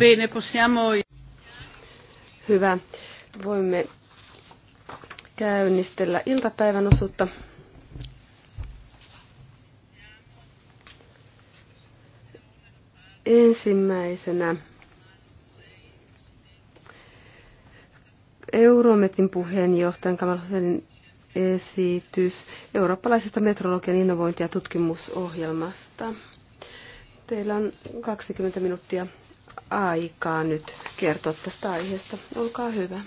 Bene, possiamo... Hyvä. Voimme käynnistellä iltapäivän osuutta. Ensimmäisenä Eurometin puheenjohtajan Kamal Husseinin esitys eurooppalaisesta metrologian innovointi- ja tutkimusohjelmasta. Teillä on 20 minuuttia aikaa nyt kertoa tästä aiheesta. Olkaa hyvä.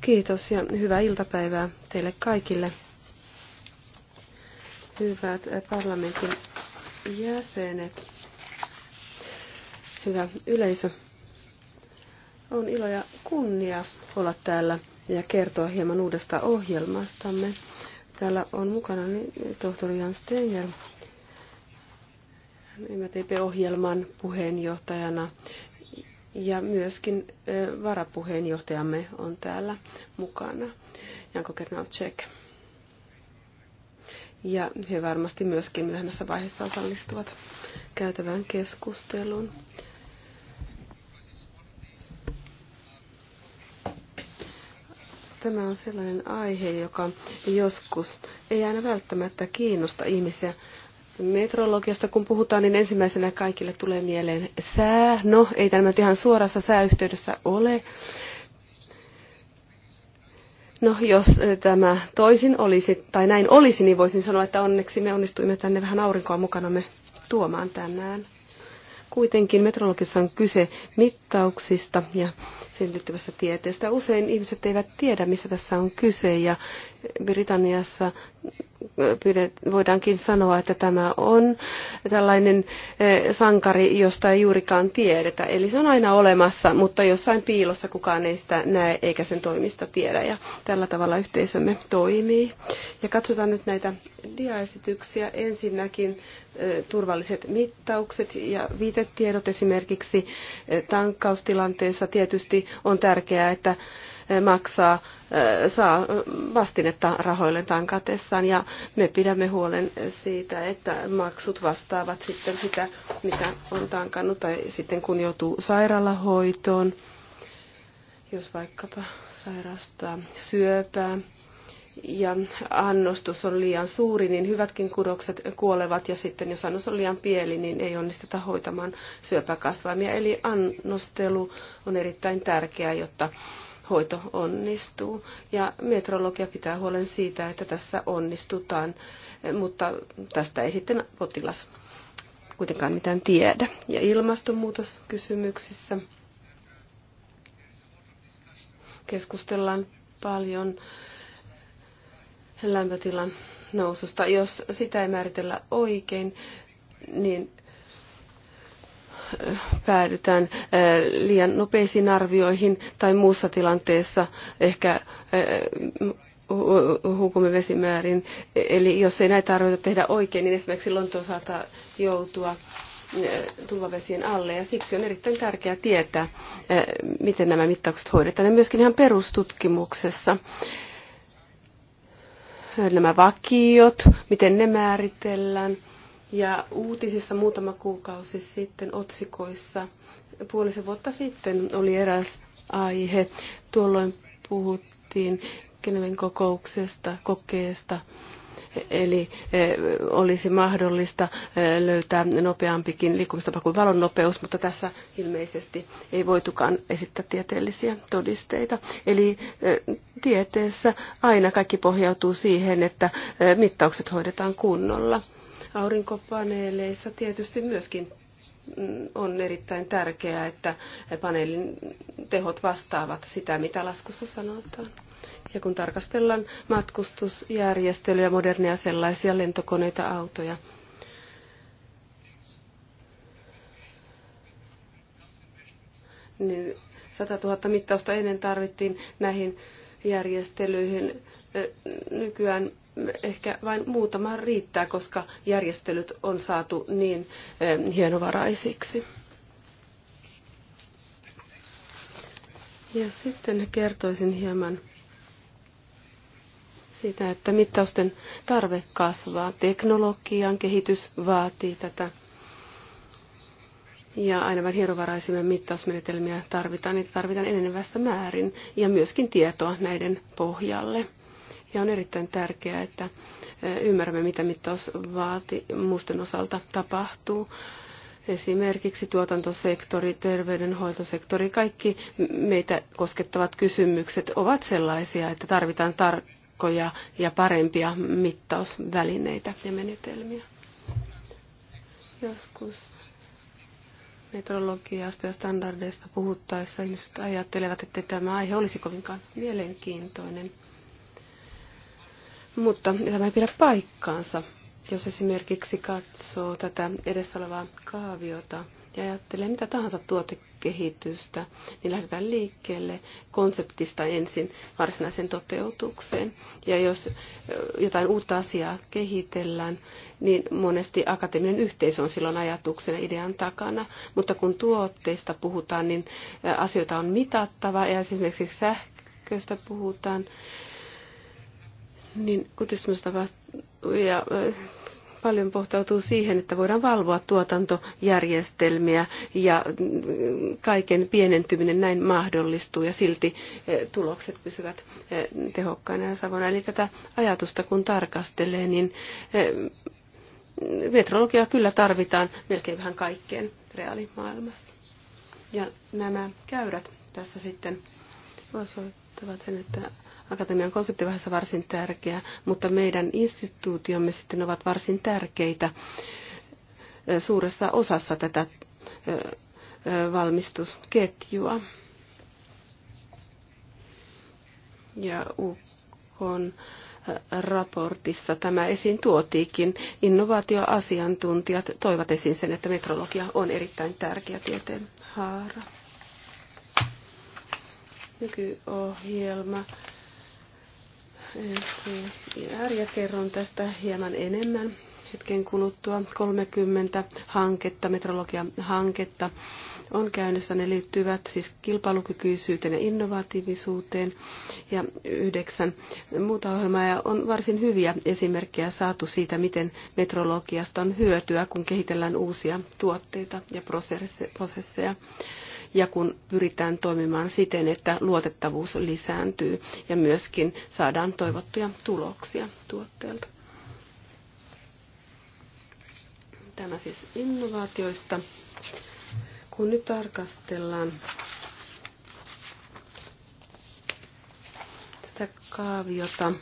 Kiitos ja hyvää iltapäivää teille kaikille. Hyvät parlamentin jäsenet, hyvä yleisö. On ilo ja kunnia olla täällä ja kertoa hieman uudesta ohjelmastamme. Täällä on mukana niin tohtori Jan Steiner, MTP-ohjelman puheenjohtajana ja myöskin varapuheenjohtajamme on täällä mukana, Janko Kernalczek. Ja he varmasti myöskin myöhemmässä vaiheessa osallistuvat käytävään keskusteluun. Tämä on sellainen aihe, joka joskus ei aina välttämättä kiinnosta ihmisiä. Metrologiasta kun puhutaan, niin ensimmäisenä kaikille tulee mieleen sää. No, ei tämä nyt ihan suorassa sääyhteydessä ole. No, jos tämä toisin olisi, tai näin olisi, niin voisin sanoa, että onneksi me onnistuimme tänne vähän aurinkoa mukana me tuomaan tänään. Kuitenkin metrologissa on kyse mittauksista ja sen liittyvästä tieteestä. Usein ihmiset eivät tiedä, missä tässä on kyse ja Britanniassa voidaankin sanoa, että tämä on tällainen sankari, josta ei juurikaan tiedetä. Eli se on aina olemassa, mutta jossain piilossa kukaan ei sitä näe eikä sen toimista tiedä. Ja tällä tavalla yhteisömme toimii. Ja katsotaan nyt näitä diaesityksiä. Ensinnäkin turvalliset mittaukset ja viite liiketiedot esimerkiksi eh, tankkaustilanteessa. Tietysti on tärkeää, että eh, maksaa, eh, saa vastinetta rahoille tankatessaan ja me pidämme huolen siitä, että maksut vastaavat sitten sitä, mitä on tankannut tai sitten kun joutuu sairaalahoitoon, jos vaikkapa sairastaa syöpää ja annostus on liian suuri, niin hyvätkin kudokset kuolevat ja sitten jos annos on liian pieni, niin ei onnistuta hoitamaan syöpäkasvaimia. Eli annostelu on erittäin tärkeää, jotta hoito onnistuu. Ja metrologia pitää huolen siitä, että tässä onnistutaan, mutta tästä ei sitten potilas kuitenkaan mitään tiedä. Ja ilmastonmuutoskysymyksissä keskustellaan paljon lämpötilan noususta. Jos sitä ei määritellä oikein, niin äh, päädytään äh, liian nopeisiin arvioihin tai muussa tilanteessa ehkä hukumme äh, vesimäärin. Eli jos ei näitä arvioita tehdä oikein, niin esimerkiksi Lonto saattaa joutua tulvavesien alle ja siksi on erittäin tärkeää tietää, miten nämä mittaukset hoidetaan ja myöskin ihan perustutkimuksessa nämä vakiot, miten ne määritellään. Ja uutisissa muutama kuukausi sitten otsikoissa, puolisen vuotta sitten oli eräs aihe. Tuolloin puhuttiin Geneven kokouksesta, kokeesta, Eli e, olisi mahdollista e, löytää nopeampikin liikkumistapa kuin valon nopeus, mutta tässä ilmeisesti ei voitukaan esittää tieteellisiä todisteita. Eli e, tieteessä aina kaikki pohjautuu siihen, että mittaukset hoidetaan kunnolla. Aurinkopaneeleissa tietysti myöskin mm, on erittäin tärkeää, että paneelin tehot vastaavat sitä, mitä laskussa sanotaan. Ja kun tarkastellaan matkustusjärjestelyjä, moderneja sellaisia lentokoneita, autoja, niin 100 000 mittausta ennen tarvittiin näihin järjestelyihin. Nykyään ehkä vain muutama riittää, koska järjestelyt on saatu niin hienovaraisiksi. Ja sitten kertoisin hieman siitä, että mittausten tarve kasvaa. Teknologian kehitys vaatii tätä. Ja aina vain hierovaraisimme mittausmenetelmiä tarvitaan, niitä tarvitaan enenevässä määrin ja myöskin tietoa näiden pohjalle. Ja on erittäin tärkeää, että e, ymmärrämme, mitä mittausvaatimusten osalta tapahtuu esimerkiksi tuotantosektori, terveydenhoitosektori, kaikki meitä koskettavat kysymykset ovat sellaisia, että tarvitaan tar- tarkkoja ja parempia mittausvälineitä ja menetelmiä. Joskus metrologiasta ja standardeista puhuttaessa ihmiset ajattelevat, että tämä aihe olisi kovinkaan mielenkiintoinen. Mutta tämä ei pidä paikkaansa. Jos esimerkiksi katsoo tätä edessä olevaa kaaviota ja ajattelee mitä tahansa tuote kehitystä, niin lähdetään liikkeelle konseptista ensin varsinaisen toteutukseen. Ja jos jotain uutta asiaa kehitellään, niin monesti akateeminen yhteisö on silloin ajatuksena idean takana. Mutta kun tuotteista puhutaan, niin asioita on mitattava ja esimerkiksi sähköstä puhutaan, niin kutismusta ja paljon pohtautuu siihen, että voidaan valvoa tuotantojärjestelmiä ja kaiken pienentyminen näin mahdollistuu ja silti eh, tulokset pysyvät eh, tehokkaina ja savona. Eli tätä ajatusta kun tarkastelee, niin eh, metrologiaa kyllä tarvitaan melkein vähän kaikkeen reaalimaailmassa. Ja nämä käyrät tässä sitten osoittavat sen, että Akatemian konsepti vähän varsin tärkeä, mutta meidän instituutiomme sitten ovat varsin tärkeitä suuressa osassa tätä valmistusketjua. Ja ukon raportissa tämä esiin tuotiikin. Innovaatioasiantuntijat toivat esiin sen, että metrologia on erittäin tärkeä tieteen haara. Nykyohjelma NCIR ja kerron tästä hieman enemmän hetken kuluttua. 30 hanketta, metrologian hanketta on käynnissä. Ne liittyvät siis kilpailukykyisyyteen ja innovatiivisuuteen ja yhdeksän muuta ohjelmaa. Ja on varsin hyviä esimerkkejä saatu siitä, miten metrologiasta on hyötyä, kun kehitellään uusia tuotteita ja prosesseja ja kun pyritään toimimaan siten, että luotettavuus lisääntyy ja myöskin saadaan toivottuja tuloksia tuotteelta. Tämä siis innovaatioista. Kun nyt tarkastellaan tätä kaaviota,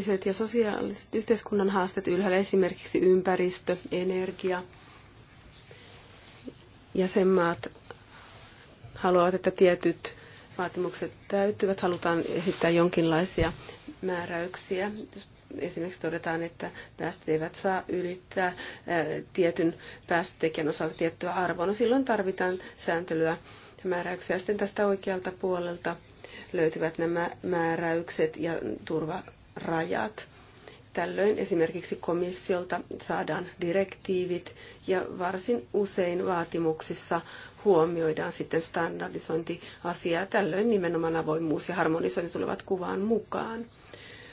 poliittiset ja sosiaaliset yhteiskunnan haasteet ylhäällä, esimerkiksi ympäristö, energia. Jäsenmaat haluavat, että tietyt vaatimukset täyttyvät, halutaan esittää jonkinlaisia määräyksiä. Esimerkiksi todetaan, että päästöt eivät saa ylittää tietyn päästötekijän osalta tiettyä arvoa. No silloin tarvitaan sääntelyä ja määräyksiä. Sitten tästä oikealta puolelta löytyvät nämä määräykset ja turva rajat. Tällöin esimerkiksi komissiolta saadaan direktiivit ja varsin usein vaatimuksissa huomioidaan sitten standardisointiasiaa. Tällöin nimenomaan avoimuus ja harmonisointi tulevat kuvaan mukaan.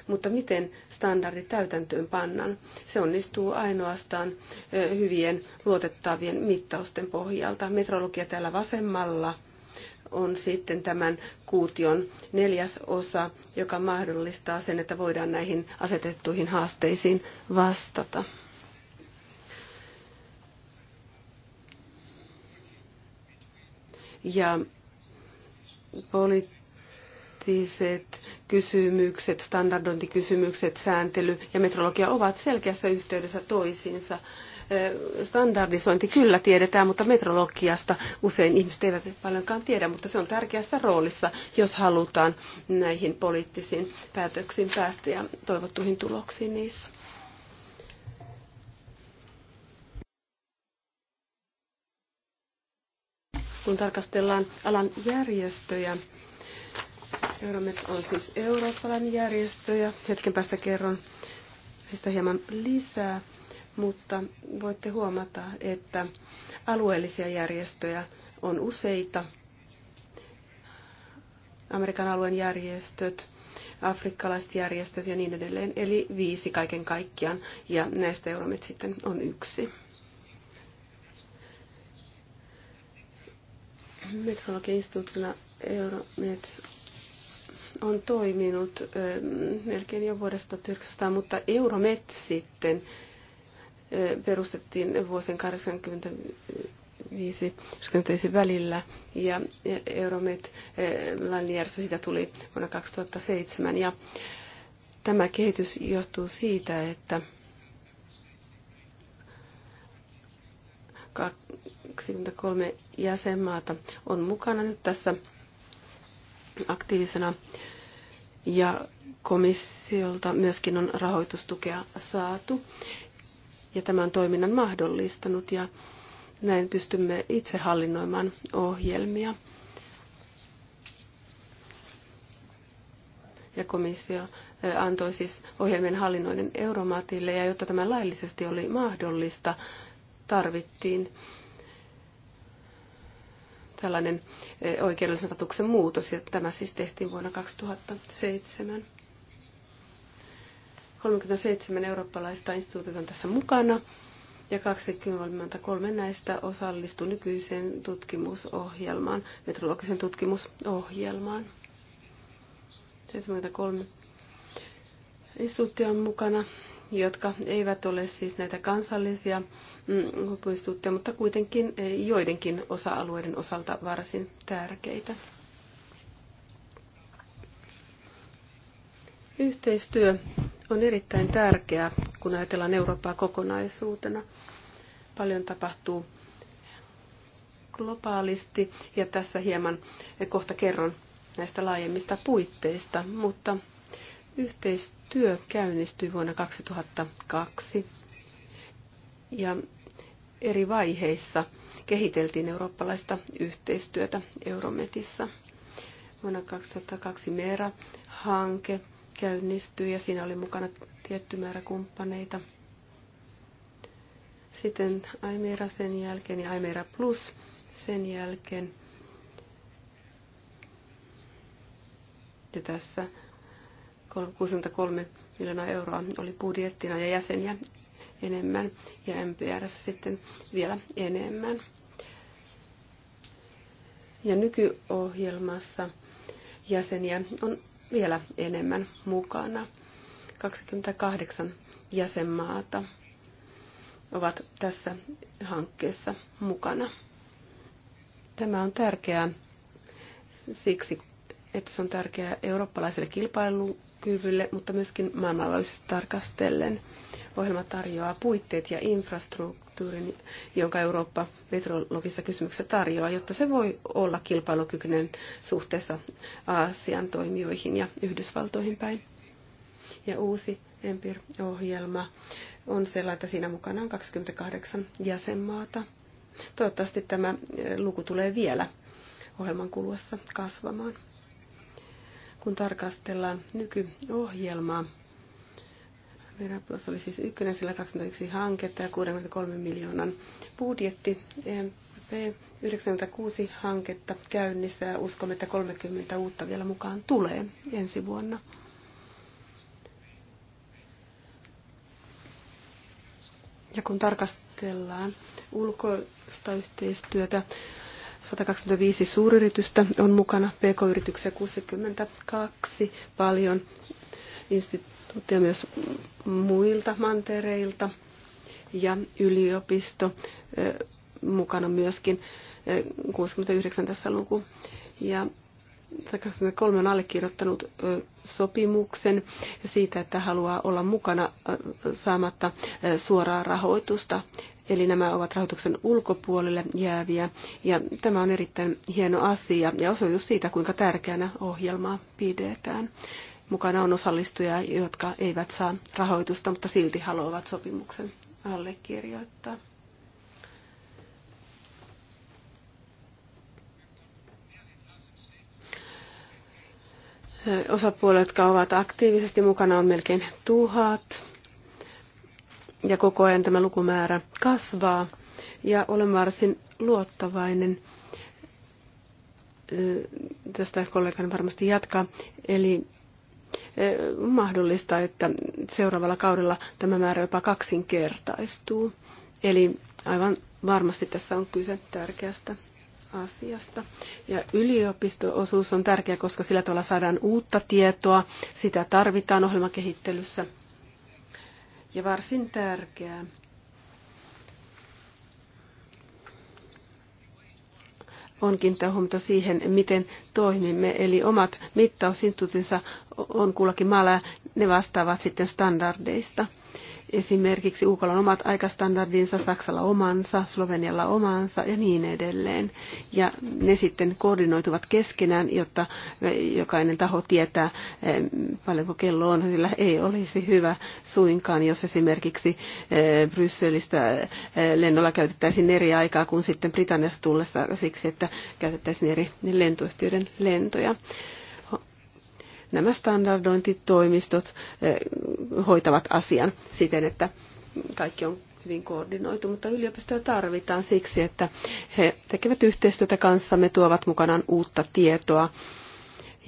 Mutta miten standardi täytäntöön pannaan? Se onnistuu ainoastaan hyvien luotettavien mittausten pohjalta. Metrologia täällä vasemmalla – on sitten tämän kuution neljäs osa, joka mahdollistaa sen, että voidaan näihin asetettuihin haasteisiin vastata. Ja poliittiset kysymykset, standardointikysymykset, sääntely ja metrologia ovat selkeässä yhteydessä toisiinsa standardisointi kyllä tiedetään, mutta metrologiasta usein ihmiset eivät paljonkaan tiedä, mutta se on tärkeässä roolissa, jos halutaan näihin poliittisiin päätöksiin päästä ja toivottuihin tuloksiin niissä. Kun tarkastellaan alan järjestöjä, Euromet on siis eurooppalainen järjestö ja hetken päästä kerron heistä hieman lisää mutta voitte huomata, että alueellisia järjestöjä on useita. Amerikan alueen järjestöt, afrikkalaiset järjestöt ja niin edelleen, eli viisi kaiken kaikkiaan, ja näistä Euromet sitten on yksi. Metrologi-instituuttina Euromet on toiminut melkein jo vuodesta 1900, mutta Euromet sitten perustettiin vuosien 85 välillä ja Euromet eh, järjestö sitä tuli vuonna 2007 ja tämä kehitys johtuu siitä, että 23 jäsenmaata on mukana nyt tässä aktiivisena ja komissiolta myöskin on rahoitustukea saatu ja tämän toiminnan mahdollistanut ja näin pystymme itse hallinnoimaan ohjelmia. Ja komissio eh, antoi siis ohjelmien hallinnoinnin Euromaatille ja jotta tämä laillisesti oli mahdollista, tarvittiin tällainen eh, oikeudellisen statuksen muutos, ja tämä siis tehtiin vuonna 2007. 37 eurooppalaista instituutiota on tässä mukana ja 23 näistä osallistuu nykyiseen tutkimusohjelmaan, metrologisen tutkimusohjelmaan. 73 instituuttia on mukana, jotka eivät ole siis näitä kansallisia mm, huippuinstituutteja, mutta kuitenkin eh, joidenkin osa-alueiden osalta varsin tärkeitä. Yhteistyö on erittäin tärkeää, kun ajatellaan Eurooppaa kokonaisuutena. Paljon tapahtuu globaalisti ja tässä hieman kohta kerron näistä laajemmista puitteista, mutta yhteistyö käynnistyi vuonna 2002 ja eri vaiheissa kehiteltiin eurooppalaista yhteistyötä Eurometissä. Vuonna 2002 MERA-hanke käynnistyi ja siinä oli mukana tietty määrä kumppaneita. Sitten Aimeera sen jälkeen ja Aimera Plus sen jälkeen. Ja tässä 63 miljoonaa euroa oli budjettina ja jäseniä enemmän ja MPR sitten vielä enemmän. Ja nykyohjelmassa jäseniä on vielä enemmän mukana. 28 jäsenmaata ovat tässä hankkeessa mukana. Tämä on tärkeää siksi, että se on tärkeää eurooppalaiselle kilpailukyvylle, mutta myöskin maailmanlaajuisesti tarkastellen. Ohjelma tarjoaa puitteet ja infrastruktuurit infrastruktuurin, jonka Eurooppa meteorologisissa kysymyksissä tarjoaa, jotta se voi olla kilpailukykyinen suhteessa Aasian toimijoihin ja Yhdysvaltoihin päin. Ja uusi EMPIR-ohjelma on sellainen, että siinä mukana on 28 jäsenmaata. Toivottavasti tämä eh, luku tulee vielä ohjelman kuluessa kasvamaan. Kun tarkastellaan nykyohjelmaa, Veraplos oli siis ykkönen, sillä 21 hanketta ja 63 miljoonan budjetti. EMP 96 hanketta käynnissä ja uskomme, että 30 uutta vielä mukaan tulee ensi vuonna. Ja kun tarkastellaan ulkoista yhteistyötä, 125 suuryritystä on mukana, pk-yrityksiä 62, paljon instituutioita tuttuja myös muilta mantereilta ja yliopisto mukana myöskin 69 tässä luku. Ja 23 on allekirjoittanut sopimuksen siitä, että haluaa olla mukana saamatta suoraa rahoitusta. Eli nämä ovat rahoituksen ulkopuolelle jääviä. Ja tämä on erittäin hieno asia ja osoitus siitä, kuinka tärkeänä ohjelmaa pidetään. Mukana on osallistujia, jotka eivät saa rahoitusta, mutta silti haluavat sopimuksen allekirjoittaa. Osapuolet, jotka ovat aktiivisesti mukana, on melkein tuhat. Ja koko ajan tämä lukumäärä kasvaa. Ja olen varsin luottavainen tästä kollegan varmasti jatkaa. Eli mahdollista, että seuraavalla kaudella tämä määrä jopa kaksinkertaistuu. Eli aivan varmasti tässä on kyse tärkeästä asiasta. Ja yliopisto-osuus on tärkeä, koska sillä tavalla saadaan uutta tietoa. Sitä tarvitaan ohjelmakehittelyssä. Ja varsin tärkeää on kiinnittää huomiota siihen, miten toimimme. Eli omat mittausinstituutinsa on kullakin maalla ja ne vastaavat sitten standardeista. Esimerkiksi UKlla on omat aikastandardinsa, Saksalla omansa, Slovenialla omansa ja niin edelleen. Ja ne sitten koordinoituvat keskenään, jotta jokainen taho tietää, eh, paljonko kello on. Sillä ei olisi hyvä suinkaan, jos esimerkiksi eh, Brysselistä eh, lennolla käytettäisiin eri aikaa kuin sitten Britanniasta tullessa siksi, että käytettäisiin eri lentoyhtiöiden lentoja nämä standardointitoimistot eh, hoitavat asian siten, että kaikki on hyvin koordinoitu, mutta yliopistoja tarvitaan siksi, että he tekevät yhteistyötä kanssamme, tuovat mukanaan uutta tietoa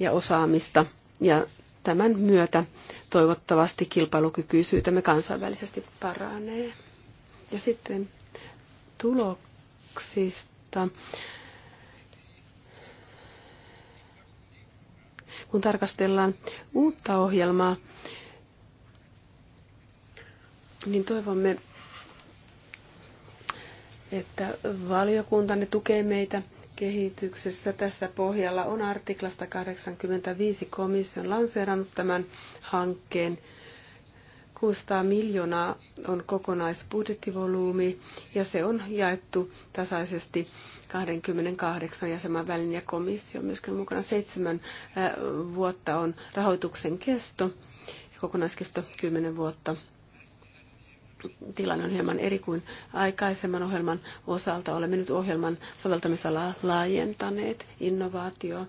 ja osaamista ja tämän myötä toivottavasti kilpailukykyisyytemme kansainvälisesti paranee. Ja sitten tuloksista. kun tarkastellaan uutta ohjelmaa, niin toivomme, että valiokuntanne tukee meitä kehityksessä. Tässä pohjalla on artiklasta 85 komission lanseerannut tämän hankkeen. 600 miljoonaa on kokonaisbudjettivolyymi ja se on jaettu tasaisesti 28 jäsenmaan välin ja komissio myöskin mukana. Seitsemän vuotta on rahoituksen kesto ja kokonaiskesto 10 vuotta. Tilanne on hieman eri kuin aikaisemman ohjelman osalta. Olemme nyt ohjelman soveltamisalaa laajentaneet innovaatio,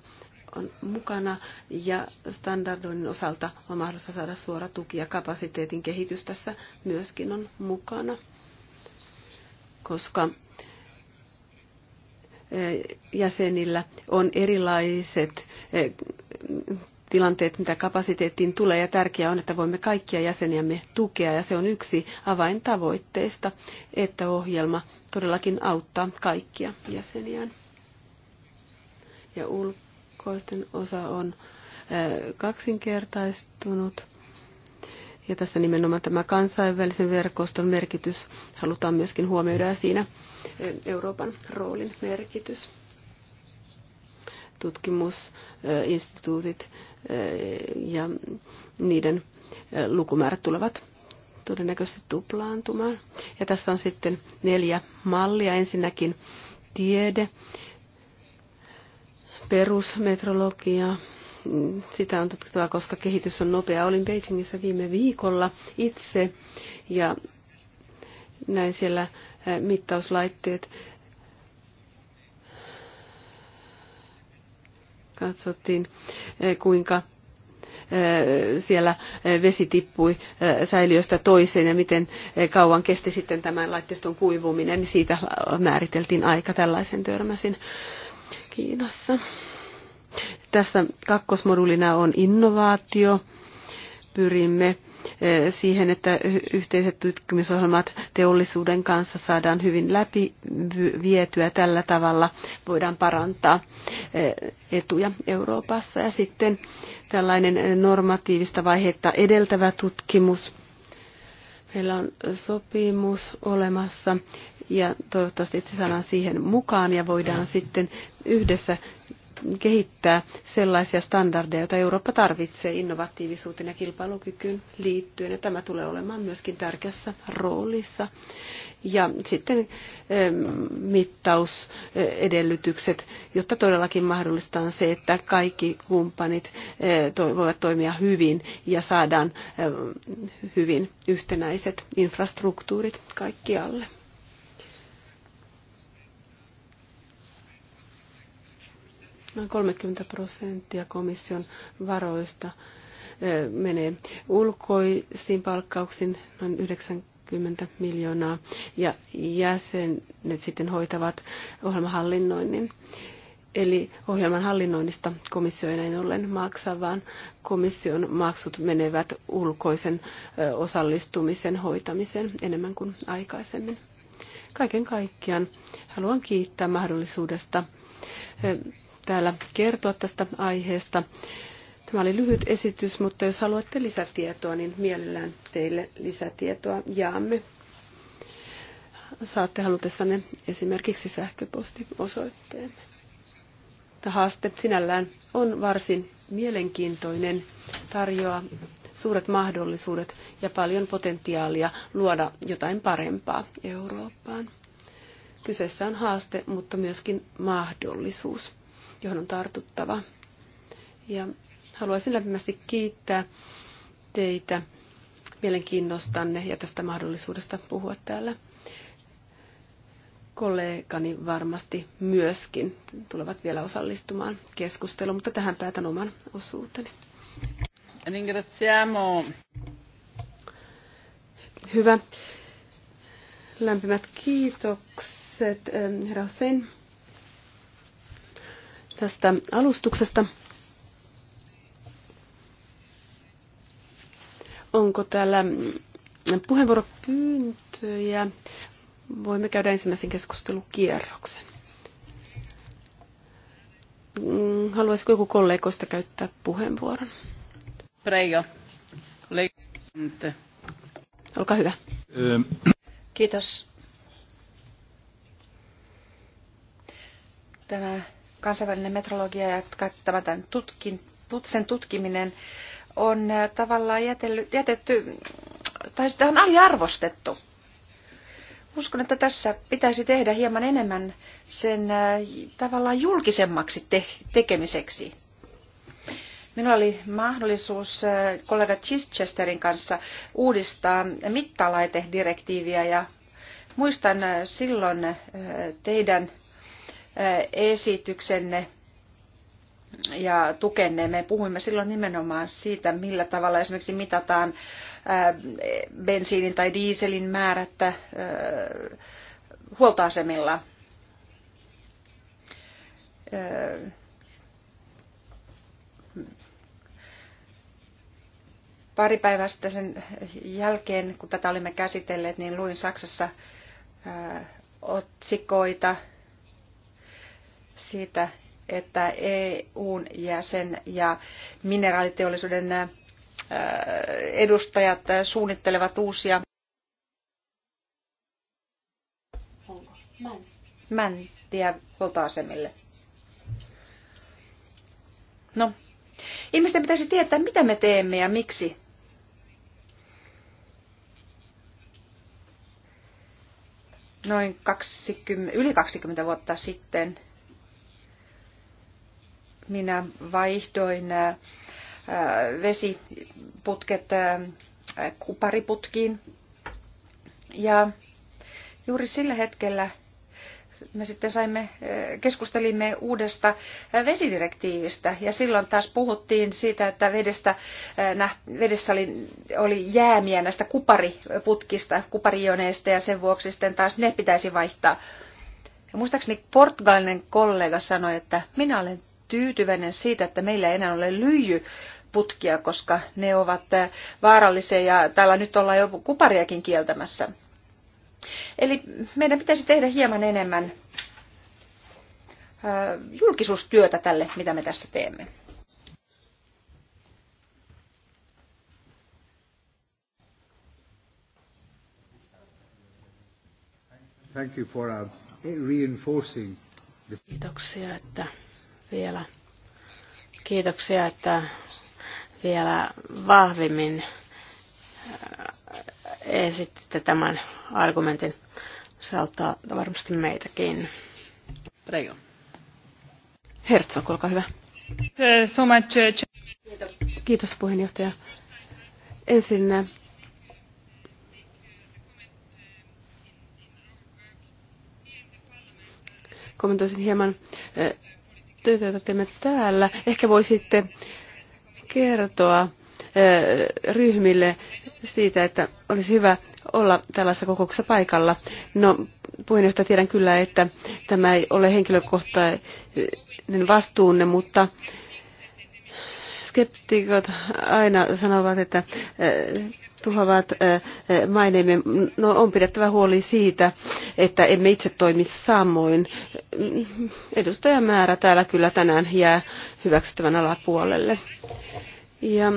on mukana ja standardoinnin osalta on mahdollista saada suora tuki ja kapasiteetin kehitys tässä myöskin on mukana, koska eh, jäsenillä on erilaiset eh, tilanteet, mitä kapasiteettiin tulee, ja tärkeää on, että voimme kaikkia jäseniämme tukea, ja se on yksi avaintavoitteista, että ohjelma todellakin auttaa kaikkia jäseniään. Ja ulkoa valkoisten osa on eh, kaksinkertaistunut. Ja tässä nimenomaan tämä kansainvälisen verkoston merkitys halutaan myöskin huomioida ja siinä eh, Euroopan roolin merkitys. Tutkimusinstituutit eh, ja niiden lukumäärät tulevat todennäköisesti tuplaantumaan. Ja tässä on sitten neljä mallia. Ensinnäkin tiede, perusmetrologia, Sitä on tutkittava, koska kehitys on nopea. Olin Beijingissä viime viikolla itse ja näin siellä mittauslaitteet. Katsottiin, kuinka siellä vesi tippui säiliöstä toiseen ja miten kauan kesti sitten tämän laitteiston kuivuminen. Siitä määriteltiin aika. Tällaisen törmäsin. Kiinassa. Tässä kakkosmodulina on innovaatio. Pyrimme eh, siihen, että yhteiset tutkimusohjelmat teollisuuden kanssa saadaan hyvin läpi vietyä. Tällä tavalla voidaan parantaa eh, etuja Euroopassa. Ja sitten tällainen normatiivista vaihetta edeltävä tutkimus. Meillä on sopimus olemassa ja toivottavasti itse saadaan siihen mukaan ja voidaan sitten yhdessä kehittää sellaisia standardeja, joita Eurooppa tarvitsee innovatiivisuuteen ja kilpailukykyyn liittyen. Ja tämä tulee olemaan myöskin tärkeässä roolissa. Ja sitten mittausedellytykset, jotta todellakin mahdollistetaan se, että kaikki kumppanit e, voivat toimia hyvin ja saadaan hyvin yhtenäiset infrastruktuurit kaikkialle. Noin 30 prosenttia komission varoista eh, menee ulkoisiin palkkauksiin, noin 90 miljoonaa, ja jäsenet sitten hoitavat ohjelmahallinnoinnin. Eli ohjelman hallinnoinnista komissio ei näin ollen maksa, vaan komission maksut menevät ulkoisen eh, osallistumisen hoitamiseen enemmän kuin aikaisemmin. Kaiken kaikkiaan haluan kiittää mahdollisuudesta eh, täällä kertoa tästä aiheesta. Tämä oli lyhyt esitys, mutta jos haluatte lisätietoa, niin mielellään teille lisätietoa jaamme. Saatte halutessanne esimerkiksi sähköpostiosoitteemme. Tämä haaste sinällään on varsin mielenkiintoinen, tarjoa suuret mahdollisuudet ja paljon potentiaalia luoda jotain parempaa Eurooppaan. Kyseessä on haaste, mutta myöskin mahdollisuus johon on tartuttava. Ja haluaisin lämpimästi kiittää teitä mielenkiinnostanne ja tästä mahdollisuudesta puhua täällä. Kollegani varmasti myöskin tulevat vielä osallistumaan keskusteluun, mutta tähän päätän oman osuuteni. Ringraziamo. Hyvä. Lämpimät kiitokset, eh, herra Hussein tästä alustuksesta. Onko täällä puheenvuoropyyntöjä? Voimme käydä ensimmäisen keskustelukierroksen. Haluaisiko joku kollegoista käyttää puheenvuoron? Preija. Olkaa hyvä. Kiitos. Tämä kansainvälinen metrologia ja tämän tutkin, sen tutkiminen on äh, tavallaan jätelly, jätetty, mm, tai sitä on aliarvostettu. Uskon, että tässä pitäisi tehdä hieman enemmän sen äh, tavallaan julkisemmaksi te- tekemiseksi. Minulla oli mahdollisuus äh, kollega Chichesterin kanssa uudistaa mittalaitedirektiiviä ja muistan silloin teidän esityksenne ja tukenne. Me puhuimme silloin nimenomaan siitä, millä tavalla esimerkiksi mitataan bensiinin tai diiselin määrättä huoltoasemilla. Pari päivästä sen jälkeen, kun tätä olimme käsitelleet, niin luin Saksassa otsikoita siitä, että EUn jäsen ja mineraaliteollisuuden äh, edustajat äh, suunnittelevat uusia mäntiä poltoasemille. No, ihmisten pitäisi tietää, mitä me teemme ja miksi. Noin 20, yli 20 vuotta sitten minä vaihdoin äh, vesiputket äh, kupariputkiin. Ja juuri sillä hetkellä me sitten saimme, äh, keskustelimme uudesta vesidirektiivistä ja silloin taas puhuttiin siitä, että vedestä, vedessä oli, oli jäämiä näistä kupariputkista, kuparijoneista ja sen vuoksi sitten taas ne pitäisi vaihtaa. Ja muistaakseni portugalinen kollega sanoi, että minä olen tyytyväinen siitä, että meillä ei enää ole lyijy putkia, koska ne ovat äh, vaarallisia ja täällä nyt ollaan jo kupariakin kieltämässä. Eli meidän pitäisi tehdä hieman enemmän äh, julkisuustyötä tälle, mitä me tässä teemme. Thank you for uh, reinforcing Kiitoksia, että vielä. Kiitoksia, että vielä vahvimmin äh, esititte tämän argumentin. Se auttaa varmasti meitäkin. Prego. Herzog, olkaa hyvä. So much. Uh, Kiitos puheenjohtaja. Ensin äh, kommentoisin hieman äh, työtä, jota teemme täällä. Ehkä voisitte kertoa ryhmille siitä, että olisi hyvä olla tällaisessa kokouksessa paikalla. No, puheenjohtaja tiedän kyllä, että tämä ei ole henkilökohtainen vastuunne, mutta Skeptikot aina sanovat, että eh, tuhoavat eh, eh, maineemme. No, on pidettävä huoli siitä, että emme itse toimi samoin. Edustajamäärä täällä kyllä tänään jää hyväksyttävän alapuolelle. Ja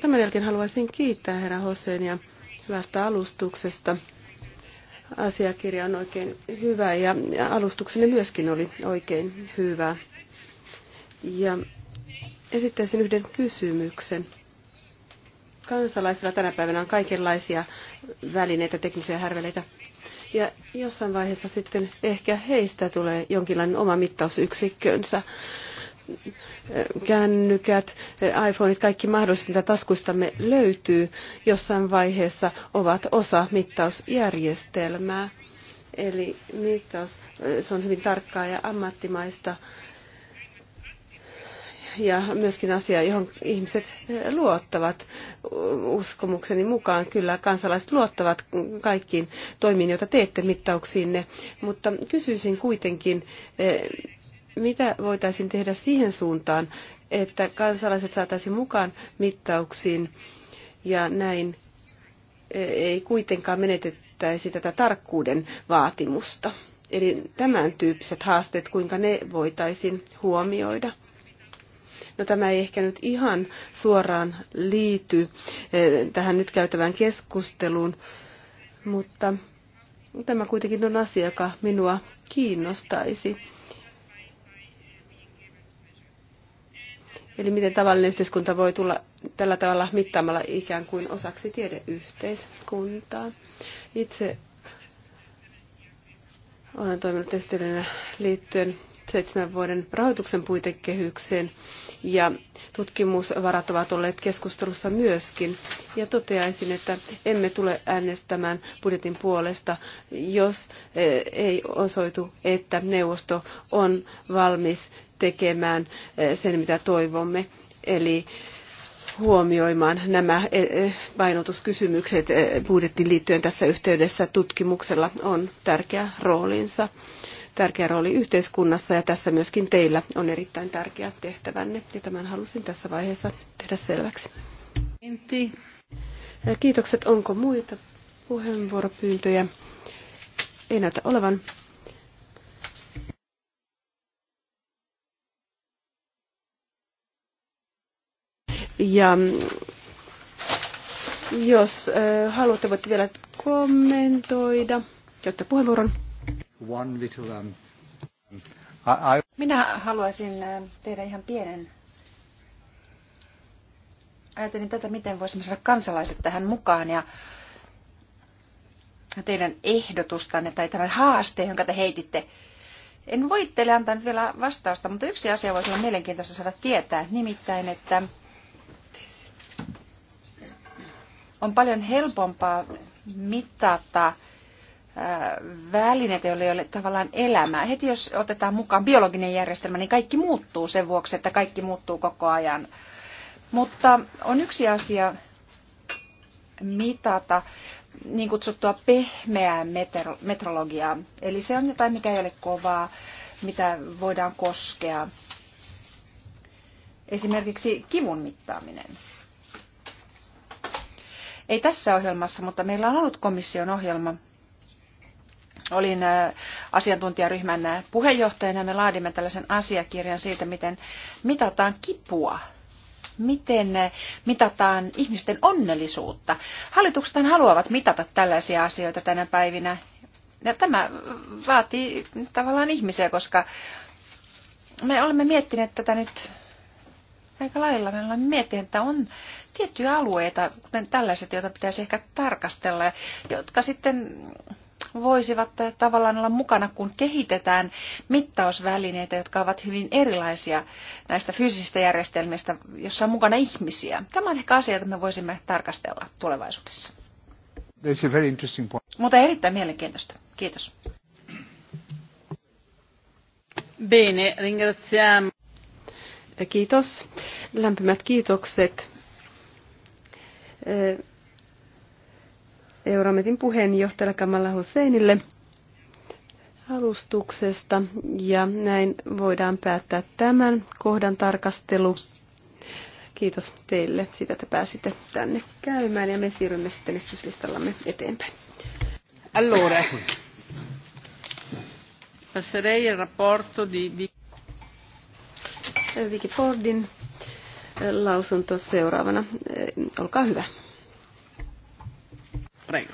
tämän jälkeen haluaisin kiittää herra ja hyvästä alustuksesta. Asiakirja on oikein hyvä ja alustuksenne myöskin oli oikein hyvä. Ja Esittäisin yhden kysymyksen. Kansalaisilla tänä päivänä on kaikenlaisia välineitä, teknisiä härveleitä. Ja jossain vaiheessa sitten ehkä heistä tulee jonkinlainen oma mittausyksikkönsä kännykät, iPhoneit, kaikki mahdolliset, mitä taskuistamme löytyy, jossain vaiheessa ovat osa mittausjärjestelmää. Eli mittaus, se on hyvin tarkkaa ja ammattimaista ja myöskin asia, johon ihmiset eh, luottavat uskomukseni mukaan. Kyllä kansalaiset luottavat kaikkiin toimiin, joita teette mittauksiinne, mutta kysyisin kuitenkin, eh, mitä voitaisiin tehdä siihen suuntaan, että kansalaiset saataisiin mukaan mittauksiin ja näin eh, ei kuitenkaan menetettäisi tätä tarkkuuden vaatimusta. Eli tämän tyyppiset haasteet, kuinka ne voitaisiin huomioida. No tämä ei ehkä nyt ihan suoraan liity eh, tähän nyt käytävään keskusteluun, mutta tämä kuitenkin on asia, joka minua kiinnostaisi. Eli miten tavallinen yhteiskunta voi tulla tällä tavalla mittaamalla ikään kuin osaksi tiedeyhteiskuntaa. Itse olen toiminut esittelijänä liittyen seitsemän vuoden rahoituksen puitekehykseen ja tutkimusvarat ovat olleet keskustelussa myöskin. Ja toteaisin, että emme tule äänestämään budjetin puolesta, jos eh, ei osoitu, että neuvosto on valmis tekemään eh, sen, mitä toivomme. Eli huomioimaan nämä eh, painotuskysymykset budjettiin liittyen tässä yhteydessä. Tutkimuksella on tärkeä roolinsa tärkeä rooli yhteiskunnassa ja tässä myöskin teillä on erittäin tärkeä tehtävänne ja tämän halusin tässä vaiheessa tehdä selväksi. Kiitokset. Onko muita puheenvuoropyyntöjä? Ei näytä olevan. Ja mm, jos haluatte, voitte vielä kommentoida, jotta puheenvuoron. Um, Minä haluaisin äh, tehdä ihan pienen. Ajattelin tätä, miten voisimme saada kansalaiset tähän mukaan ja teidän ehdotustanne tai tämän haasteen, jonka te heititte. En voi teille antaa nyt vielä vastausta, mutta yksi asia voisi olla mielenkiintoista saada tietää, nimittäin, että on paljon helpompaa mitata välineitä, joilla ei ole tavallaan elämää. Heti jos otetaan mukaan biologinen järjestelmä, niin kaikki muuttuu sen vuoksi, että kaikki muuttuu koko ajan. Mutta on yksi asia mitata niin kutsuttua pehmeää metrologiaa. Eli se on jotain, mikä ei ole kovaa, mitä voidaan koskea. Esimerkiksi kivun mittaaminen ei tässä ohjelmassa, mutta meillä on ollut komission ohjelma, Olin äh, asiantuntijaryhmän äh, puheenjohtajana ja me laadimme tällaisen asiakirjan siitä, miten mitataan kipua miten äh, mitataan ihmisten onnellisuutta. Hallitukset haluavat mitata tällaisia asioita tänä päivinä. Ja tämä vaatii tavallaan ihmisiä, koska me olemme miettineet tätä nyt aika lailla. Me olemme miettineet, että on tiettyjä alueita, kuten tällaiset, joita pitäisi ehkä tarkastella, jotka sitten voisivat tavallaan olla mukana, kun kehitetään mittausvälineitä, jotka ovat hyvin erilaisia näistä fyysisistä järjestelmistä, jossa on mukana ihmisiä. Tämä on ehkä asia, jota me voisimme tarkastella tulevaisuudessa. That's a very interesting point. Mutta erittäin mielenkiintoista. Kiitos. Bene, ringraziamo. Kiitos. Lämpimät kiitokset Eurometin puheenjohtajalle Kamalla Husseinille alustuksesta ja näin voidaan päättää tämän kohdan tarkastelu. Kiitos teille siitä, että pääsitte tänne käymään ja me siirrymme sitten esityslistallamme eteenpäin. Allora, passerei il rapporto di, di... Vicky Fordin lausunto seuraavana. Olkaa hyvä. Prego.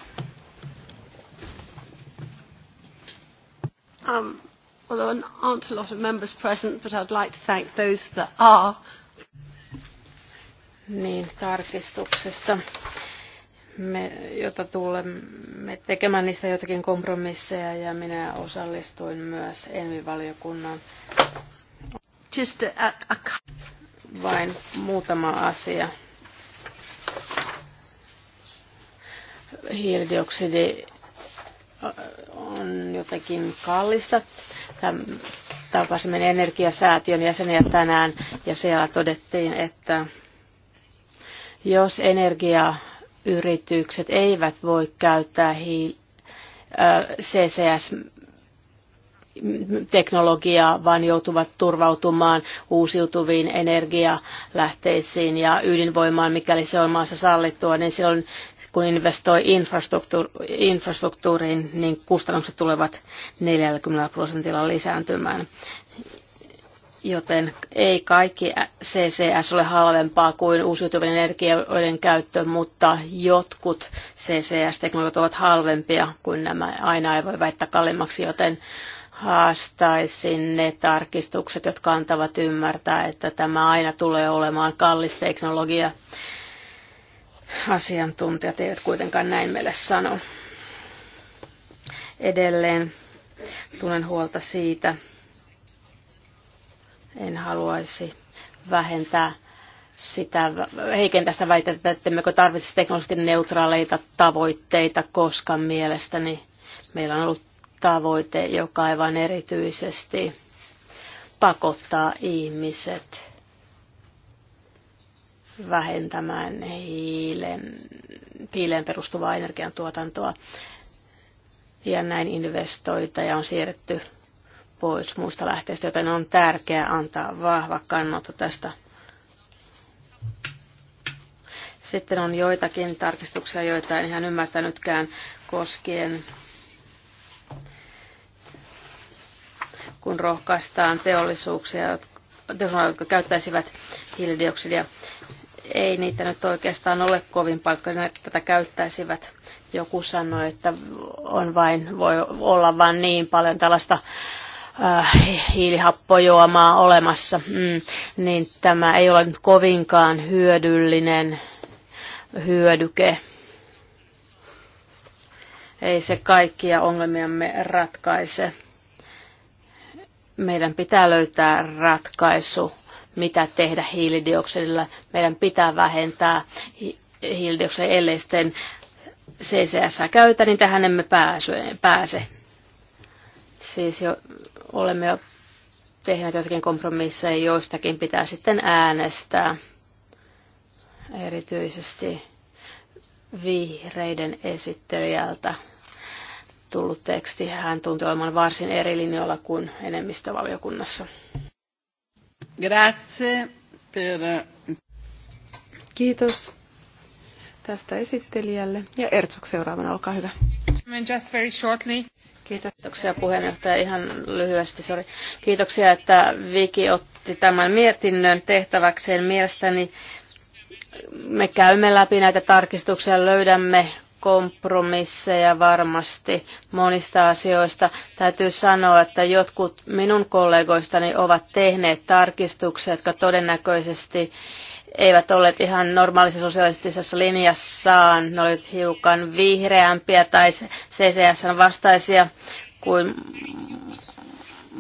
Um, well, there aren't a lot of members present, but I'd like to thank those that are. Niin, tarkistuksesta, me, jota tulemme tekemään niistä jotakin kompromisseja, ja minä osallistuin myös ENVI-valiokunnan. Just a, a... Vain muutama asia hiilidioksidi äh, on jotenkin kallista. Tapasimme energiasäätiön jäseniä tänään ja siellä todettiin, että jos energiayritykset eivät voi käyttää hiil- äh, CCS teknologiaa, vaan joutuvat turvautumaan uusiutuviin energialähteisiin ja ydinvoimaan, mikäli se on maassa sallittua, niin silloin kun investoi infrastruktuuriin, niin kustannukset tulevat 40 prosentilla lisääntymään. Joten ei kaikki CCS ole halvempaa kuin uusiutuvien energioiden käyttö, mutta jotkut CCS-teknologiat ovat halvempia kuin nämä. Aina ei voi väittää kalliimmaksi, joten haastaisin ne tarkistukset, jotka antavat ymmärtää, että tämä aina tulee olemaan kallis teknologia. Asiantuntijat eivät kuitenkaan näin meille sano. Edelleen tunnen huolta siitä, en haluaisi vähentää sitä, heikentää sitä väitettä, että emmekö tarvitsisi teknologisesti neutraaleita tavoitteita, koska mielestäni meillä on ollut tavoite, joka aivan erityisesti pakottaa ihmiset vähentämään hiilen, hiileen perustuvaa energiantuotantoa. Ja näin investoita ja on siirretty pois muista lähteistä, joten on tärkeää antaa vahva kannanotto tästä. Sitten on joitakin tarkistuksia, joita en ihan ymmärtänytkään koskien kun rohkaistaan teollisuuksia, jotka käyttäisivät hiilidioksidia. Ei niitä nyt oikeastaan ole kovin paljon, jotka tätä käyttäisivät. Joku sanoi, että on vain, voi olla vain niin paljon tällaista äh, hiilihappojuomaa olemassa, mm, niin tämä ei ole nyt kovinkaan hyödyllinen hyödyke. Ei se kaikkia ongelmiamme ratkaise meidän pitää löytää ratkaisu, mitä tehdä hiilidioksidilla. Meidän pitää vähentää hiilidioksidin, ellei sitten CCS käytä, niin tähän emme pääse. Siis jo, olemme jo tehneet jotakin kompromisseja, joistakin pitää sitten äänestää. Erityisesti vihreiden esittelijältä tullut teksti. Hän tuntui olemaan varsin eri linjoilla kuin enemmistövaliokunnassa. Grazie per... Kiitos tästä esittelijälle. Ja Ertsok seuraavana, olkaa hyvä. Just very shortly. Kiitoksia puheenjohtaja. Ihan lyhyesti, sorry. Kiitoksia, että Viki otti tämän mietinnön tehtäväkseen. Mielestäni me käymme läpi näitä tarkistuksia, löydämme kompromisseja varmasti monista asioista. Täytyy sanoa, että jotkut minun kollegoistani ovat tehneet tarkistuksia, jotka todennäköisesti eivät olleet ihan normaalisessa sosialistisessa linjassaan. Ne olivat hiukan vihreämpiä tai ccs vastaisia kuin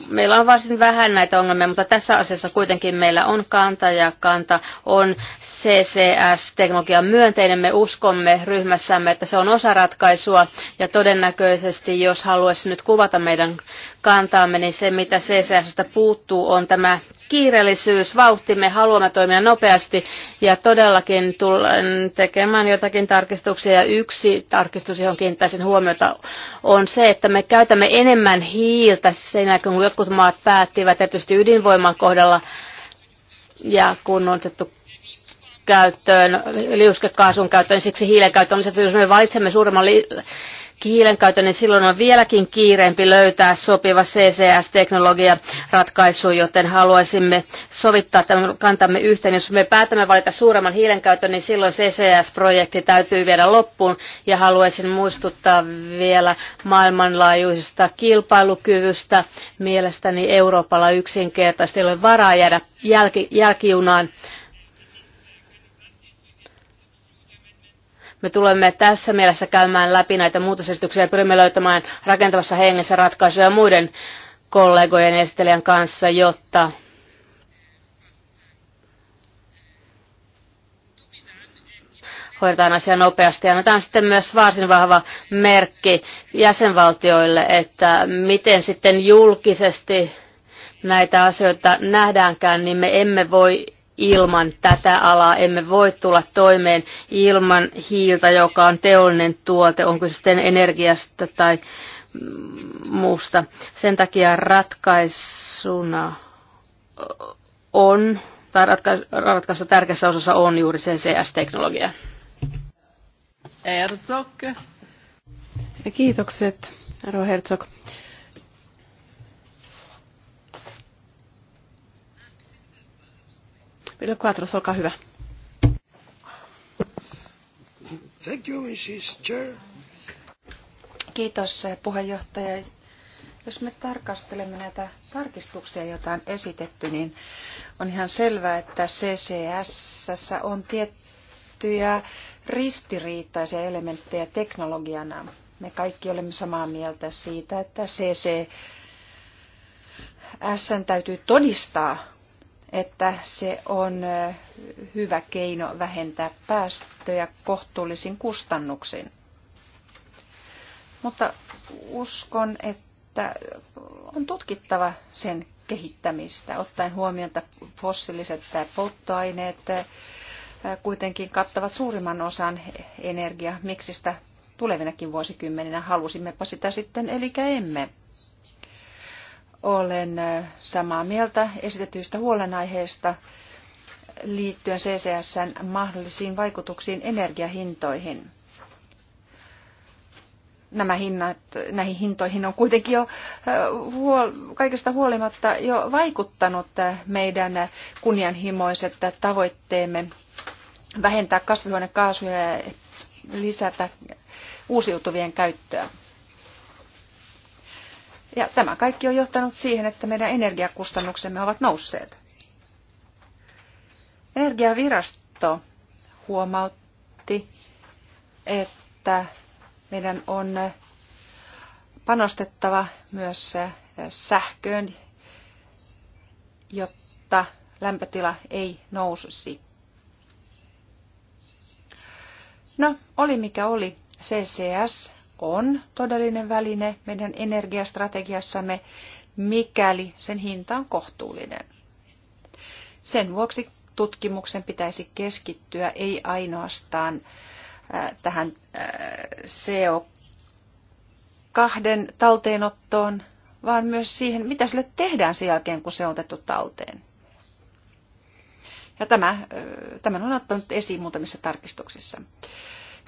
meillä on varsin vähän näitä ongelmia, mutta tässä asiassa kuitenkin meillä on kanta ja kanta on CCS-teknologian myönteinen. Me uskomme ryhmässämme, että se on osa ratkaisua ja todennäköisesti, jos haluaisi nyt kuvata meidän kantaamme, niin se mitä CCSstä puuttuu on tämä kiireellisyys, vauhti, me haluamme toimia nopeasti ja todellakin tulen tekemään jotakin tarkistuksia ja yksi tarkistus, johon kiinnittäisin huomiota, on se, että me käytämme enemmän hiiltä sen jälkeen, kun jotkut maat päättivät, tietysti ydinvoiman kohdalla ja kun on otettu käyttöön, liuskekaasun käyttöön, siksi hiilen käyttöön, niin jos me valitsemme suuremman li- hiilenkäytön, niin silloin on vieläkin kiireempi löytää sopiva CCS-teknologiaratkaisu, joten haluaisimme sovittaa tämän kantamme yhteen. Jos me päätämme valita suuremman hiilenkäytön, niin silloin CCS-projekti täytyy viedä loppuun. Ja haluaisin muistuttaa vielä maailmanlaajuisesta kilpailukyvystä. Mielestäni Euroopalla yksinkertaisesti ei ole varaa jäädä jälki, jälkijunaan Me tulemme tässä mielessä käymään läpi näitä muutosesityksiä ja pyrimme löytämään rakentavassa hengessä ratkaisuja muiden kollegojen esittelijän kanssa, jotta hoidetaan asia nopeasti. Ja annetaan sitten myös varsin vahva merkki jäsenvaltioille, että miten sitten julkisesti näitä asioita nähdäänkään, niin me emme voi ilman tätä alaa emme voi tulla toimeen ilman hiiltä, joka on teollinen tuote, onko se sitten energiasta tai mm, muusta. Sen takia ratkaisuna on, tai ratkaisu, ratkaisu tärkeässä osassa on juuri CCS-teknologia. Herzog. Kiitokset, Ro Herzog. Ville Quatros, olkaa hyvä. Thank you, Mrs. Chair. Kiitos eh, puheenjohtaja. Jos me tarkastelemme näitä tarkistuksia, joita on esitetty, niin on ihan selvää, että CCS on tiettyjä ristiriitaisia elementtejä teknologiana. Me kaikki olemme samaa mieltä siitä, että CCS täytyy todistaa että se on hyvä keino vähentää päästöjä kohtuullisin kustannuksin. Mutta uskon, että on tutkittava sen kehittämistä, ottaen huomioon, että fossiiliset polttoaineet kuitenkin kattavat suurimman osan energiamiksistä tulevinakin vuosikymmeninä, halusimmepa sitä sitten, eli emme. Olen samaa mieltä esitetyistä huolenaiheista liittyen CCSn mahdollisiin vaikutuksiin energiahintoihin. Nämä hinnat, näihin hintoihin on kuitenkin jo huol, kaikesta huolimatta jo vaikuttanut meidän kunnianhimoiset tavoitteemme vähentää kasvihuonekaasuja ja lisätä uusiutuvien käyttöä. Ja tämä kaikki on johtanut siihen, että meidän energiakustannuksemme ovat nousseet. Energiavirasto huomautti, että meidän on panostettava myös sähköön, jotta lämpötila ei nousisi. No, oli mikä oli. CCS on todellinen väline meidän energiastrategiassamme, mikäli sen hinta on kohtuullinen. Sen vuoksi tutkimuksen pitäisi keskittyä ei ainoastaan tähän CO2 talteenottoon, vaan myös siihen, mitä sille tehdään sen jälkeen, kun se on otettu talteen. Ja tämä, tämän on ottanut esiin muutamissa tarkistuksissa.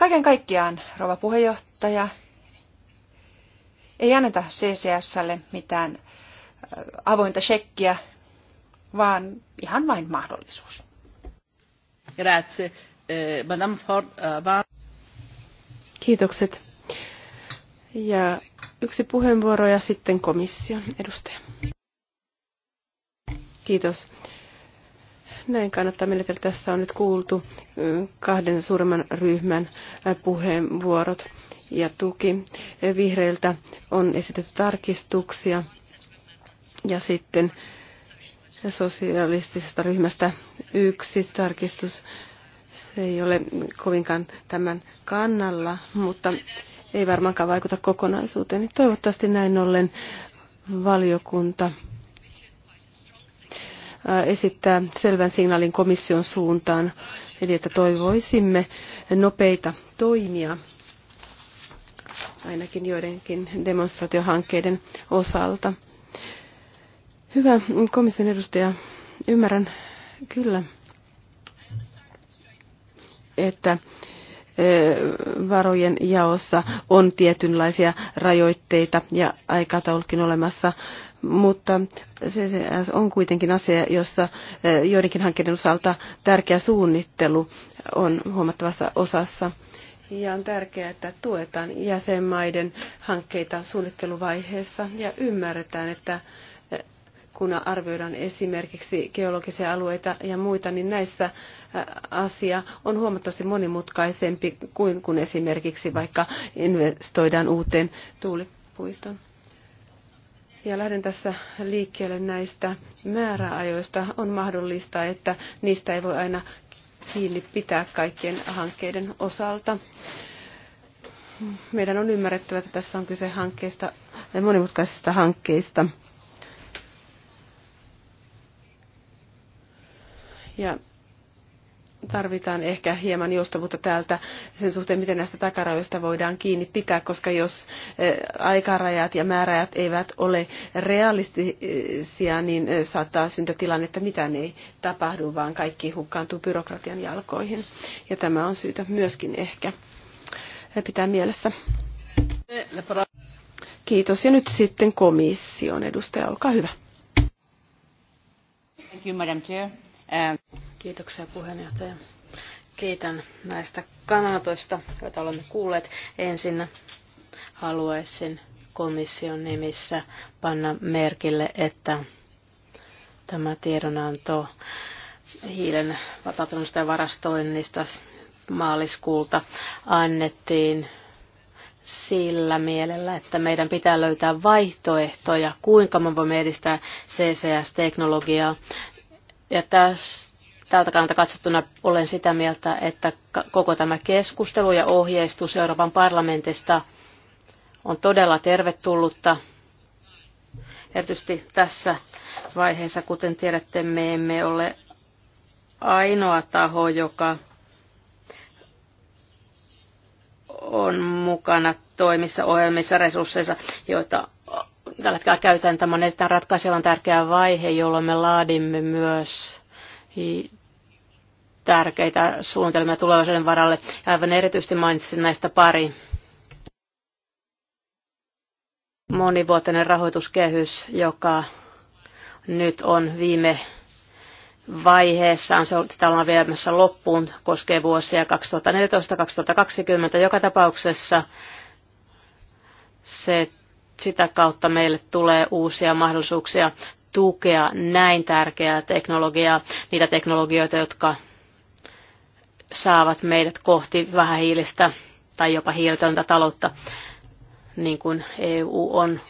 Kaiken kaikkiaan, rouva puheenjohtaja, ei anneta CCSlle mitään avointa shekkiä, vaan ihan vain mahdollisuus. Grazie. Eh, Madame Ford, eh, Kiitokset. Ja yksi puheenvuoro ja sitten komission edustaja. Kiitos. Näin kannattaa menetellä. Tässä on nyt kuultu kahden suuremman ryhmän puheenvuorot ja tuki. E, vihreiltä on esitetty tarkistuksia ja sitten sosialistisesta ryhmästä yksi tarkistus. Se ei ole kovinkaan tämän kannalla, mutta ei varmaankaan vaikuta kokonaisuuteen. Niin toivottavasti näin ollen valiokunta Äh, esittää selvän signaalin komission suuntaan, eli että toivoisimme nopeita toimia ainakin joidenkin demonstraatiohankkeiden osalta. Hyvä komission edustaja, ymmärrän kyllä, että äh, varojen jaossa on tietynlaisia rajoitteita ja aikataulutkin olemassa mutta CCS on kuitenkin asia, jossa eh, joidenkin hankkeiden osalta tärkeä suunnittelu on huomattavassa osassa. Ja on tärkeää, että tuetaan jäsenmaiden hankkeita suunnitteluvaiheessa ja ymmärretään, että eh, kun arvioidaan esimerkiksi geologisia alueita ja muita, niin näissä eh, asia on huomattavasti monimutkaisempi kuin kun esimerkiksi vaikka investoidaan uuteen tuulipuistoon. Ja lähden tässä liikkeelle näistä määräajoista. On mahdollista, että niistä ei voi aina kiinni pitää kaikkien hankkeiden osalta. Meidän on ymmärrettävä, että tässä on kyse hankkeista, monimutkaisista hankkeista. Ja tarvitaan ehkä hieman joustavuutta täältä sen suhteen, miten näistä takarajoista voidaan kiinni pitää, koska jos eh, aikarajat ja määräajat eivät ole realistisia, niin eh, saattaa syntyä tilanne, että mitään ei tapahdu, vaan kaikki hukkaantuu byrokratian jalkoihin. Ja tämä on syytä myöskin ehkä pitää mielessä. Kiitos. Ja nyt sitten komission edustaja, olkaa hyvä. Thank you, Madam Chair. And... Kiitoksia puheenjohtaja. Kiitän näistä kannanotoista, joita olemme kuulleet. Ensin haluaisin komission nimissä panna merkille, että tämä tiedonanto hiilen vatapelusta ja varastoinnista maaliskuulta annettiin sillä mielellä, että meidän pitää löytää vaihtoehtoja, kuinka me voimme edistää CCS-teknologiaa ja tästä tältä kannalta katsottuna olen sitä mieltä, että koko tämä keskustelu ja ohjeistus Euroopan parlamentista on todella tervetullutta. Erityisesti tässä vaiheessa, kuten tiedätte, me emme ole ainoa taho, joka on mukana toimissa ohjelmissa resursseissa, joita tällä hetkellä käytän Tämä erittäin ratkaisevan tärkeä vaihe, jolloin me laadimme myös tärkeitä suunnitelmia tulevaisuuden varalle. Aivan erityisesti mainitsin näistä pari. Monivuotinen rahoituskehys, joka nyt on viime vaiheessaan, se sitä ollaan viemässä loppuun, koskee vuosia 2014-2020. Joka tapauksessa se sitä kautta meille tulee uusia mahdollisuuksia tukea näin tärkeää teknologiaa, niitä teknologioita, jotka saavat meidät kohti vähähiilistä tai jopa hiiltöntä taloutta, niin kuin EU on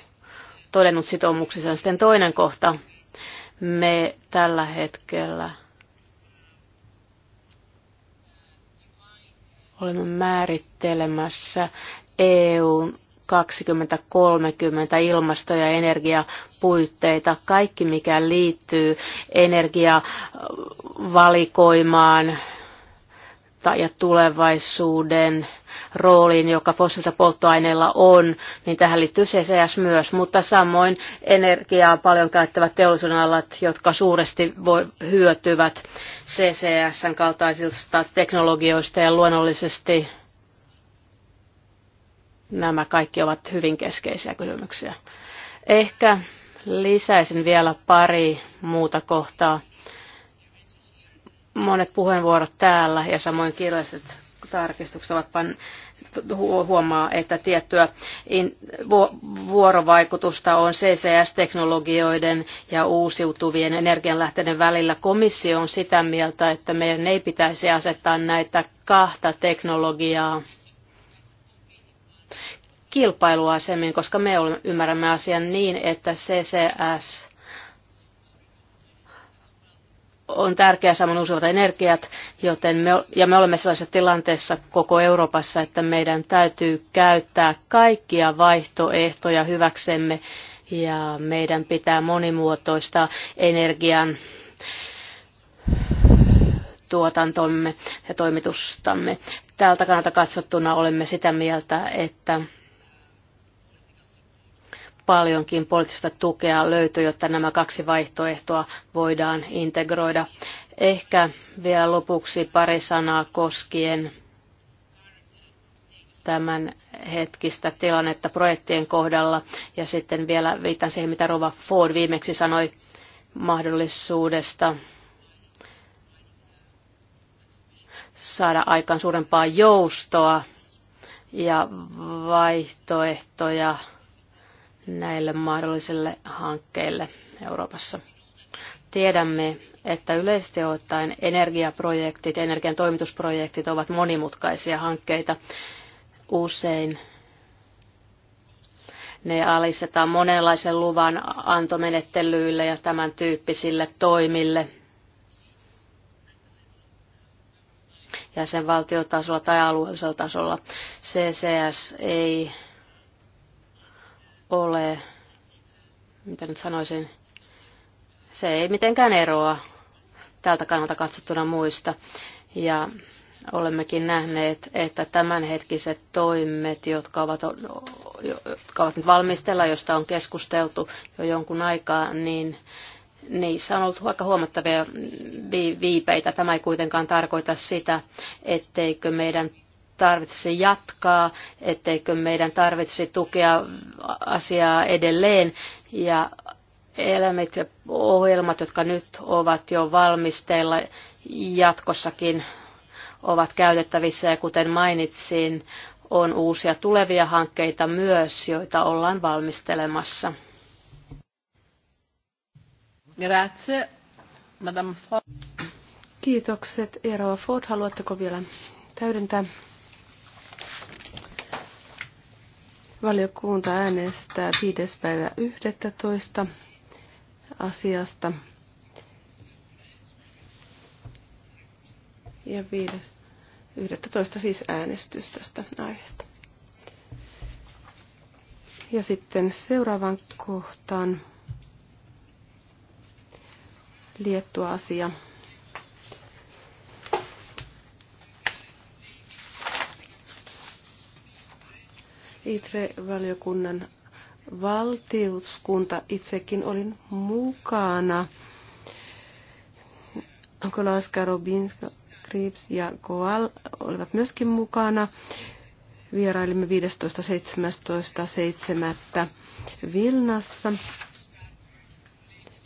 todennut sitoumuksissaan. Sitten toinen kohta. Me tällä hetkellä olemme määrittelemässä EUn 2030 ilmasto- ja energiapuitteita, kaikki mikä liittyy energiavalikoimaan ja tulevaisuuden rooliin, joka fossiilisilla polttoaineilla on, niin tähän liittyy CCS myös, mutta samoin energiaa paljon käyttävät teollisuuden alat, jotka suuresti voi, hyötyvät CCSn kaltaisista teknologioista ja luonnollisesti Nämä kaikki ovat hyvin keskeisiä kysymyksiä. Ehkä lisäisin vielä pari muuta kohtaa. Monet puheenvuorot täällä ja samoin kirjalliset tarkistukset ovat pan, huomaa, että tiettyä in, vuorovaikutusta on CCS-teknologioiden ja uusiutuvien energianlähteiden välillä. Komissio on sitä mieltä, että meidän ei pitäisi asettaa näitä kahta teknologiaa kilpailuasemin, koska me ymmärrämme asian niin, että CCS on tärkeää saman uusiutuvat energiat, joten me, ja me olemme sellaisessa tilanteessa koko Euroopassa, että meidän täytyy käyttää kaikkia vaihtoehtoja hyväksemme ja meidän pitää monimuotoista energian tuotantomme ja toimitustamme. Tältä kannalta katsottuna olemme sitä mieltä, että paljonkin poliittista tukea löytyy, jotta nämä kaksi vaihtoehtoa voidaan integroida. Ehkä vielä lopuksi pari sanaa koskien tämän hetkistä tilannetta projektien kohdalla. Ja sitten vielä viitan siihen, mitä Rova Ford viimeksi sanoi mahdollisuudesta saada aikaan suurempaa joustoa ja vaihtoehtoja näille mahdollisille hankkeille Euroopassa. Tiedämme, että yleisesti ottaen energiaprojektit ja energian toimitusprojektit ovat monimutkaisia hankkeita. Usein ne alistetaan monenlaisen luvan antomenettelyille ja tämän tyyppisille toimille, jäsenvaltiotasolla tai alueellisella tasolla. CCS ei ole, mitä nyt sanoisin, se ei mitenkään eroa tältä kannalta katsottuna muista. Ja olemmekin nähneet, että tämänhetkiset toimet, jotka ovat, jotka ovat nyt valmistella, josta on keskusteltu jo jonkun aikaa, niin niissä on ollut aika huomattavia viipeitä. Tämä ei kuitenkaan tarkoita sitä, etteikö meidän tarvitsisi jatkaa, etteikö meidän tarvitsisi tukea asiaa edelleen. Ja elämät ja ohjelmat, jotka nyt ovat jo valmisteilla, jatkossakin ovat käytettävissä. Ja kuten mainitsin, on uusia tulevia hankkeita myös, joita ollaan valmistelemassa. Grazie. Madame Ford. Kiitokset. Eero Ford, haluatteko vielä täydentää? Valiokunta äänestää 5. päivä 11. asiasta. Ja 5.11. siis äänestys tästä aiheesta. Ja sitten seuraavaan kohtaan. Liettua-asia. ITRE-valiokunnan valtiuskunta. Itsekin olin mukana. Kolaska, Robinska, Krips ja Koal olivat myöskin mukana. Vierailimme 15.17.7. Vilnassa.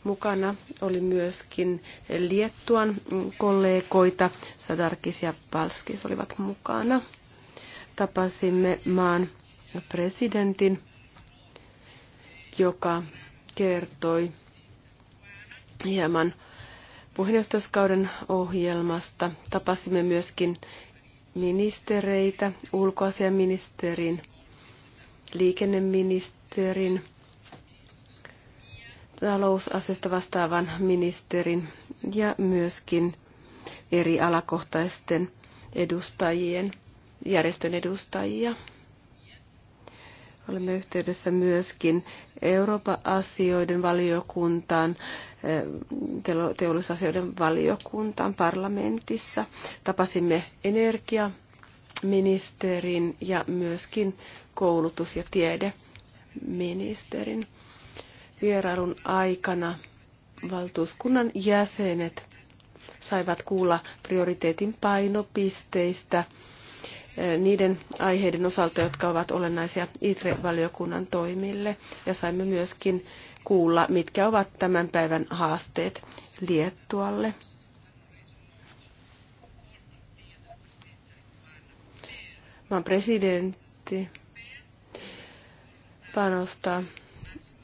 Mukana oli myöskin Liettuan kollegoita, Sadarkis ja Palskis olivat mukana. Tapasimme maan presidentin, joka kertoi hieman puheenjohtajuuskauden ohjelmasta. Tapasimme myöskin ministereitä, ulkoasiaministerin, liikenneministerin talousasioista vastaavan ministerin ja myöskin eri alakohtaisten edustajien, järjestön edustajia. Olemme yhteydessä myöskin Euroopan asioiden valiokuntaan, eh, teollisuusasioiden valiokuntaan parlamentissa. Tapasimme energiaministerin ja myöskin koulutus- ja tiedeministerin. Vierailun aikana valtuuskunnan jäsenet saivat kuulla prioriteetin painopisteistä eh, niiden aiheiden osalta, jotka ovat olennaisia ITRE-valiokunnan toimille. Ja saimme myöskin kuulla, mitkä ovat tämän päivän haasteet Liettualle. Maan presidentti panostaa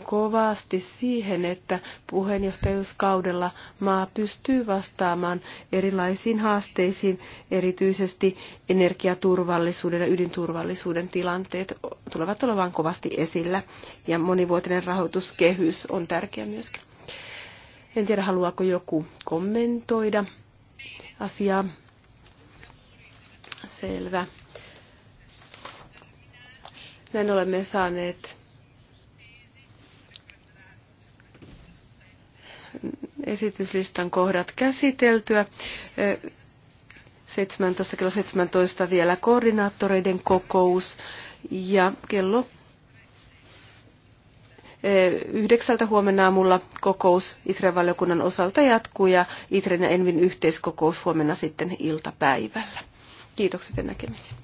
kovasti siihen, että puheenjohtajuuskaudella maa pystyy vastaamaan erilaisiin haasteisiin, erityisesti energiaturvallisuuden ja ydinturvallisuuden tilanteet tulevat olemaan kovasti esillä, ja monivuotinen rahoituskehys on tärkeä myöskin. En tiedä, haluaako joku kommentoida asiaa. Selvä. Näin olemme saaneet esityslistan kohdat käsiteltyä. 17 kello 17 vielä koordinaattoreiden kokous ja kello yhdeksältä huomenna aamulla kokous ITRE-valiokunnan osalta jatkuu ja ITREn ja ENVin yhteiskokous huomenna sitten iltapäivällä. Kiitokset ja näkemisiin.